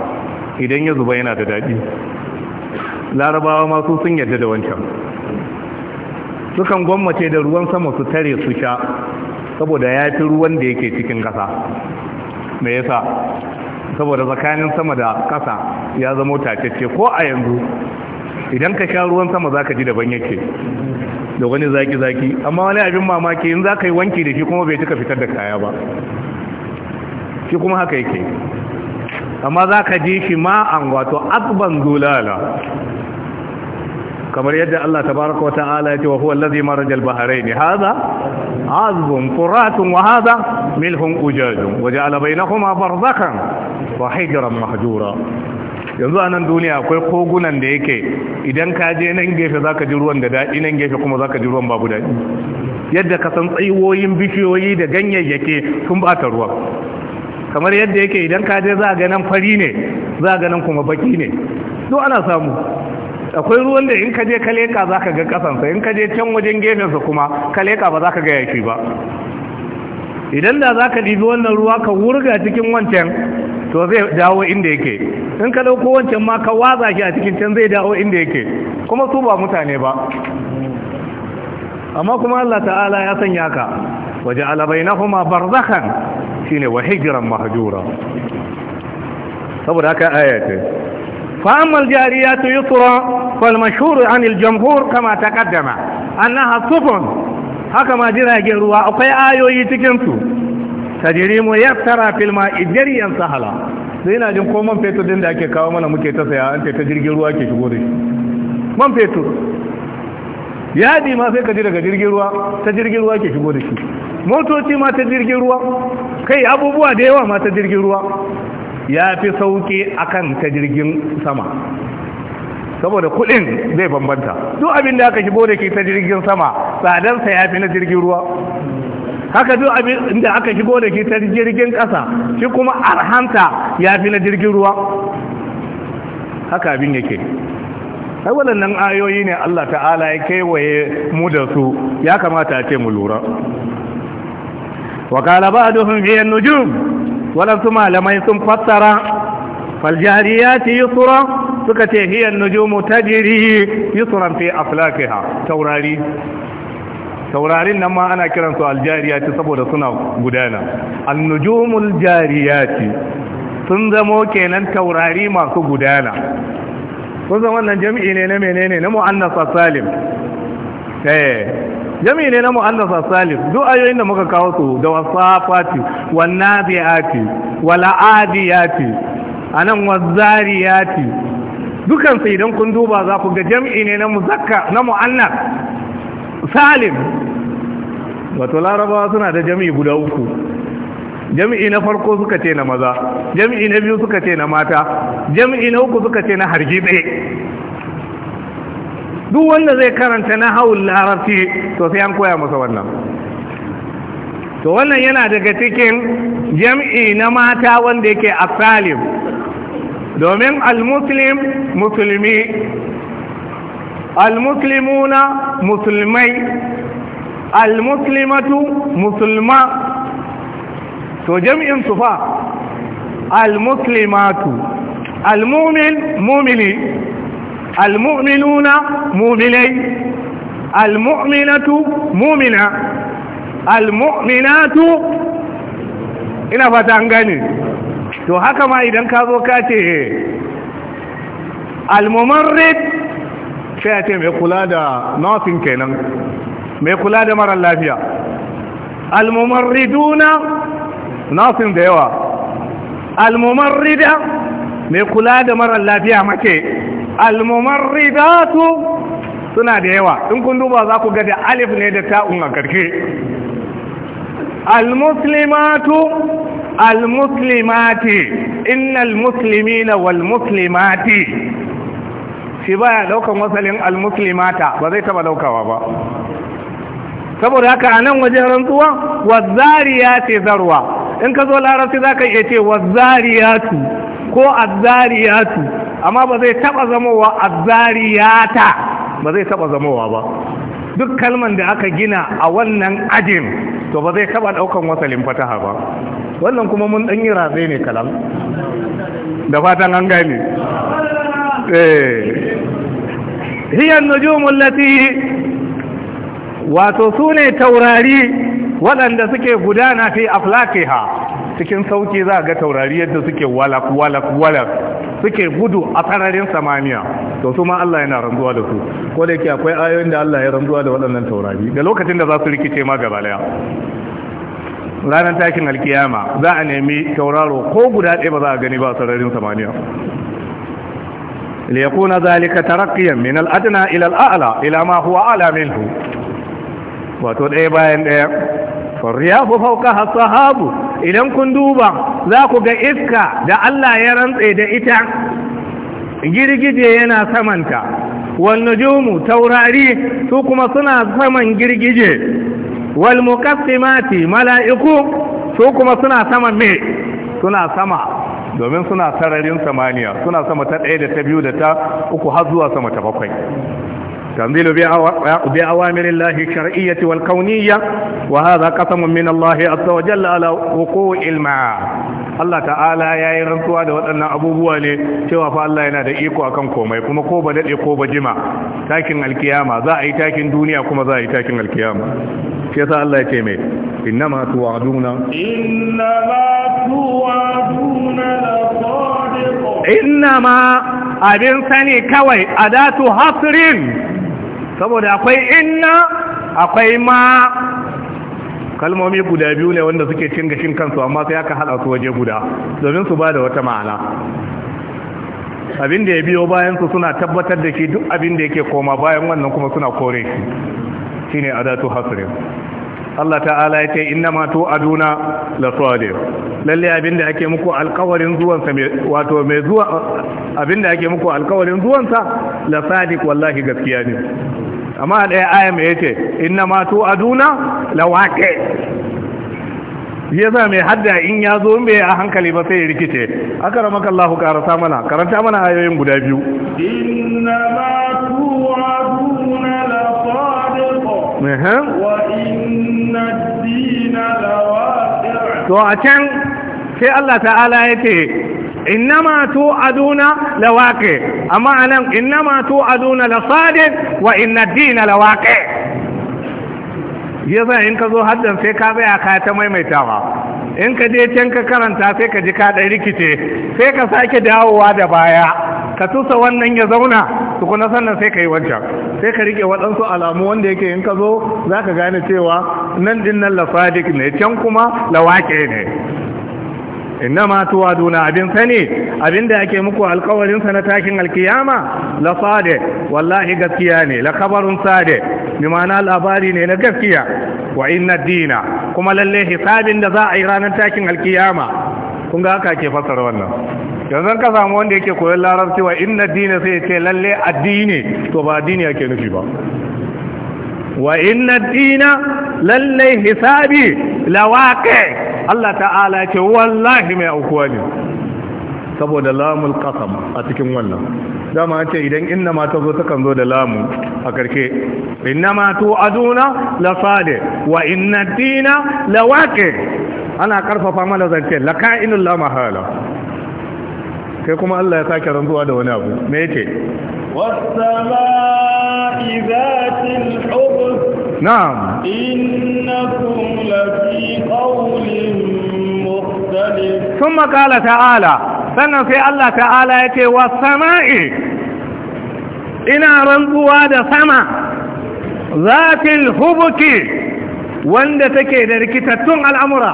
إذا يزبين هذا larabawa masu sun yarda da wancan sukan gwammace da ruwan sama su tare su sha saboda ya fi ruwan da yake cikin ƙasa me yasa saboda tsakanin sama da ƙasa ya zama tatacce ko a yanzu idan ka sha ruwan sama za ka ji daban yake da wani zaki-zaki amma wani abin mamaki in za ka yi wanki da shi kuma bai cika fitar da kaya ba shi kuma haka yake amma za ka ji shi ma'an wato azban zulala kamar yadda Allah tabaraka wa ta'ala yace wa huwa allazi maraja al-bahrayn hadha azbun furatun wa hadha milhun ujajun wa ja'ala bainahuma barzakan wa hijran mahjura yanzu anan duniya akwai kogunan da yake idan ka je nan gefe za ka ji ruwan da daɗi nan gefe kuma za ka ji ruwan babu daɗi yadda ka san tsayoyin bishiyoyi da ganyayyake sun bata ruwa kamar yadda yake idan ka je za a ganin fari ne za a ganin kuma baki ne duk ana samu akwai ruwan da in ka je ka leka za ka ga kasansa in ka je can wajen gefensa kuma ka leka ba za ka ga yaki ba idan da za ka ɗibi wannan ruwa ka wurga cikin wancan to zai dawo inda yake in ka ɗauko wancan ma ka waza shi a cikin can zai dawo inda yake kuma su ba mutane ba amma kuma Allah ta'ala ya sanya ka waje alabaina kuma barzakan shine wa hijran mahajura saboda haka ayatai فأما الجاريات يسرى فالمشهور عن الجمهور كما تقدم أنها سفن هكما جراج الرواء أقي آيو يتكنتو تجريم يفترى في الماء جريا سهلا zai jin ko man fetur din da ake kawo mana muke ta saya an ta jirgin ruwa ke shigo da shi man fetur yadi ma sai ka ji daga jirgin ruwa ta jirgin ruwa ke shigo da shi motoci ma ta jirgin ruwa kai abubuwa da yawa ma ta jirgin ruwa ya fi sauƙi akan ta jirgin sama saboda kuɗin zai bambanta duk abin da aka shigo da ke ta jirgin sama tsadarsa ya fi na jirgin ruwa haka duk abin da aka shigo da ke ta jirgin ƙasa shi kuma arhanta ya fi na jirgin ruwa haka abin yake ai waɗannan ayoyi ne Allah ta'ala ya kewaye mu da su ya kamata a ce mu lura wa qala ba'duhum fi an-nujum waɗansu malamai sun fassara faljariyati yusra suka ce hiyar nujumu ta tajiri yusran fi ha, taurari taurarin nan ma ana kiransu aljariyati saboda suna gudana annujumul jariyati sun zamo kenan taurari masu gudana kun zama wannan jami'i ne na menene na mu'annasa salim eh jami ne na mu'allasa salif duk ayoyin da muka kawo su da wasafati wan nabiati wal adiyati anan wazariyati dukan sai idan kun duba za ku ga jami'i ne na muzakka na mu'annas salim wato larabawa suna da jami'i guda uku jami'i na farko suka ce na maza jami'i na biyu suka ce na mata jami'i na uku suka ce na ɗaya. duk wanda zai karanta na haul larabci to sai an koya masa wannan to wannan yana daga cikin jam'i na mata wanda yake asalim domin almuslim musulmi almuslimuna musulmai almuslimatu musulma to jam'in su fa almuslimatu almumin mumini almu'minuna mu'minai almu'minatu mu'mina almu'minatu ina fata an gane to haka ma idan ka zo ka ce almumarrid sai a ce mai kula da nafin kenan mai kula da marar lafiya almumarriduna nafin da yawa almumarrida mai kula da marar lafiya mace almumarridatu suna da yawa in kun duba za ku ga da alif ne da ta'un a karshe almuslimatu almuslimati innal muslimina wal muslimati shi baya daukan wasalin almuslimata ba zai taba daukawa ba saboda haka a nan wajen rantsuwa ya ce zarwa in ka zo larasi za ka iya ce wazzariyatu ko azzariyatu amma ba zai taba zamowa Zariyata ba zai taba zamowa ba duk kalman da aka gina a wannan ajin to ba zai taba daukan wasalin fataha ba wannan kuma mun dan yi ratsai ne kalam da fatan an gane eh hiya nujum wato su ne taurari waɗanda suke gudana fi aflakiha cikin sauki za a ga taurari yadda suke walak walak walak suke gudu a sararin samaniya to su ma Allah yana rantsuwa da su ko da yake akwai ayoyin da Allah ya rantsuwa da waɗannan taurari da lokacin da za su rikice ma gaba daya ranar takin alkiyama za a nemi tauraro ko guda ɗaya ba za a gani ba a sararin samaniya al-adna ila al-a'la ila ma huwa a'la minhu Wato ɗaya bayan ɗaya. farriyahu fawqaha sahabu idan kun duba za ku ga iska da Allah ya rantse da ita girgije yana samanta Wani nujumu taurari su kuma suna saman girgije wal muqassimati mala'iku su kuma suna saman me suna sama domin suna sararin samaniya suna sama ta ɗaya da ta biyu da ta uku har zuwa sama ta bakwai تنزيل بأوامر الله الشرعية والكونية وهذا قسم من الله عز وجل على وقوع المعاد Allah ta'ala ya yi rantsuwa da waɗannan abubuwa ne cewa fa Allah yana da iko akan komai kuma ko ba daɗe ko ba jima takin alkiyama za a yi takin duniya kuma za a yi takin alkiyama shi yasa Allah ya ce mai innama tu'aduna innama tu'aduna laqadiq ma abin sani kawai adatu hasrin saboda akwai inna akwai ma kalmomi guda biyu ne wanda suke cin gashin kansu amma sai aka hada su waje guda domin su ba da wata ma'ana abin da ya biyo bayan su suna tabbatar da shi duk abin da yake koma bayan wannan kuma suna kore shi shine adatu hasrin Allah ta'ala ya ce inna ma tu aduna la sadiq lalle da ake muku alƙawarin zuwan sa wato mai zuwa da ake muku alƙawarin zuwan sa la sadiq wallahi gaskiya ne amma a ɗaya aya mai yace inna ma tu aduna ya yasa mai hadda in ya zo mai a hankali ba sai ya rikice aka ramaka Lahu karanta mana karanta mana ayoyin guda biyu inna ma tu aduna laqadiq wa inna ad-dina lawaqi to a can sai Allah ta'ala ya ce. innama Aduna Lawake, amma anan innama la lasadiq wa inna ad-dina lawaqi in ka zo haddan sai ka tsaya ka ta maimaitawa in ka je can ka karanta sai ka ji ka rikice sai ka sake dawowa da baya ka tusa wannan ya zauna tukuna sannan sai ka yi wancan sai ka rike waɗansu alamu wanda yake in ka zo za ka gane cewa nan dinnan lafadik ne can kuma lawake ne Inna innama tuwaduna abin sani abin da yake muku alƙawarin sa na takin alkiyama la sade wallahi gaskiya ne la khabarun sade bi ma'ana labari ne na gaskiya wa inna dina kuma lalle hisabin da za a yi ranar takin alkiyama kun ga haka ke fassara wannan yanzu ka samu wanda yake koyon larabci wa inna dina sai ya ce lalle addini to ba addini yake nufi ba wa inna dina lalle hisabi lawaqi Allah ta'ala ce wallahi mai aukuwa ne saboda lamul qasam a cikin wannan dama ce idan inna ma ta zo ta kan zo da lamu a karke inna ma tu aduna la sade wa inna dina la waqi ana karfafa mana zance la ka'inul la mahala sai kuma Allah ya sake rantsuwa da wani abu me yake والسماء ذات الحبس نعم إنكم لفي قول مختلف ثم قال تعالى سنسي الله تعالى يتي والسماء إنا رنبوا هذا سماء ذات الحبس wanda take da rikitattun al'amura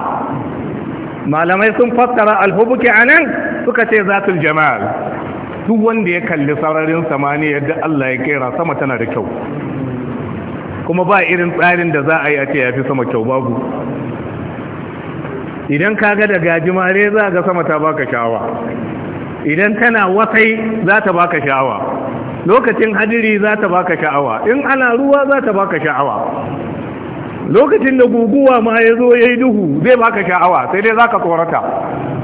malamai sun fassara alhubuki a nan suka ce zatul jamal duk wanda ya kalli sararin samaniya yadda Allah ya kera sama tana da kyau kuma ba irin tsarin da za a yi a ce ya fi sama kyau babu idan ka ga da gajimare za ga sama ta baka shawa idan tana wasai za ta baka shawa lokacin hadiri za ta baka sha'awa in ana ruwa za ta baka sha'awa lokacin da guguwa ma ya zo ya yi duhu zai baka sha'awa sai dai za ka tsorata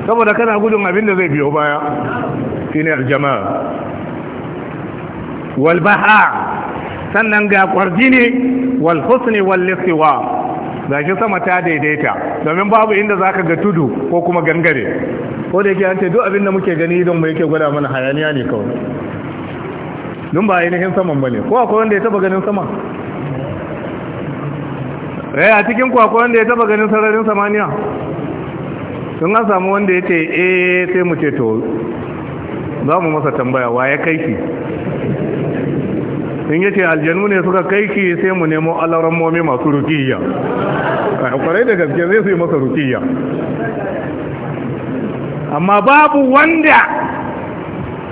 saboda kana gudun abin da zai biyo baya shine aljama'a wal sannan ga kwarjini wal husni wal listiwa sama ta daidaita domin babu inda zaka ga tudu ko kuma gangare ko da yake an ce duk abin da muke gani don mu yake gwada mana hayaniya ne kawai don ba ainihin saman bane ko akwai wanda ya taba ganin sama eh a cikin ku akwai wanda ya taba ganin sararin samaniya sun an samu wanda ya ce eh sai mu ce to za mu masa tambaya wa ya kai ki in yace aljanu ne suka kai ki sai mu nemo alaran momi masu rukiya kwarai da gaske zai su yi masa rukiya amma babu wanda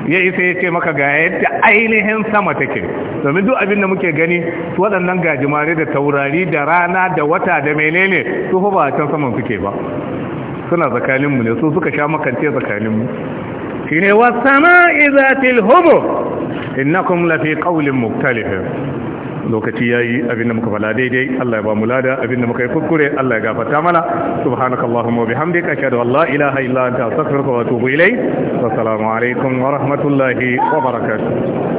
ya isa ya ce maka ga yadda ainihin sama take domin duk abin da muke gani waɗannan gajimare da taurari da rana da wata da menene su fa ba a can saman suke ba suna tsakaninmu ne su suka sha makance tsakaninmu shine was-sama'i zatil hubub innakum lafi qawlin mukhtalif lokaci yayi abinda muka fala daidai Allah ya ba mu lada abinda muka yi kuskure Allah ya gafarta mana subhanakallahumma wa bihamdika ashhadu an la ilaha illa anta astaghfiruka wa atubu ilayk assalamu alaikum wa rahmatullahi wa barakatuh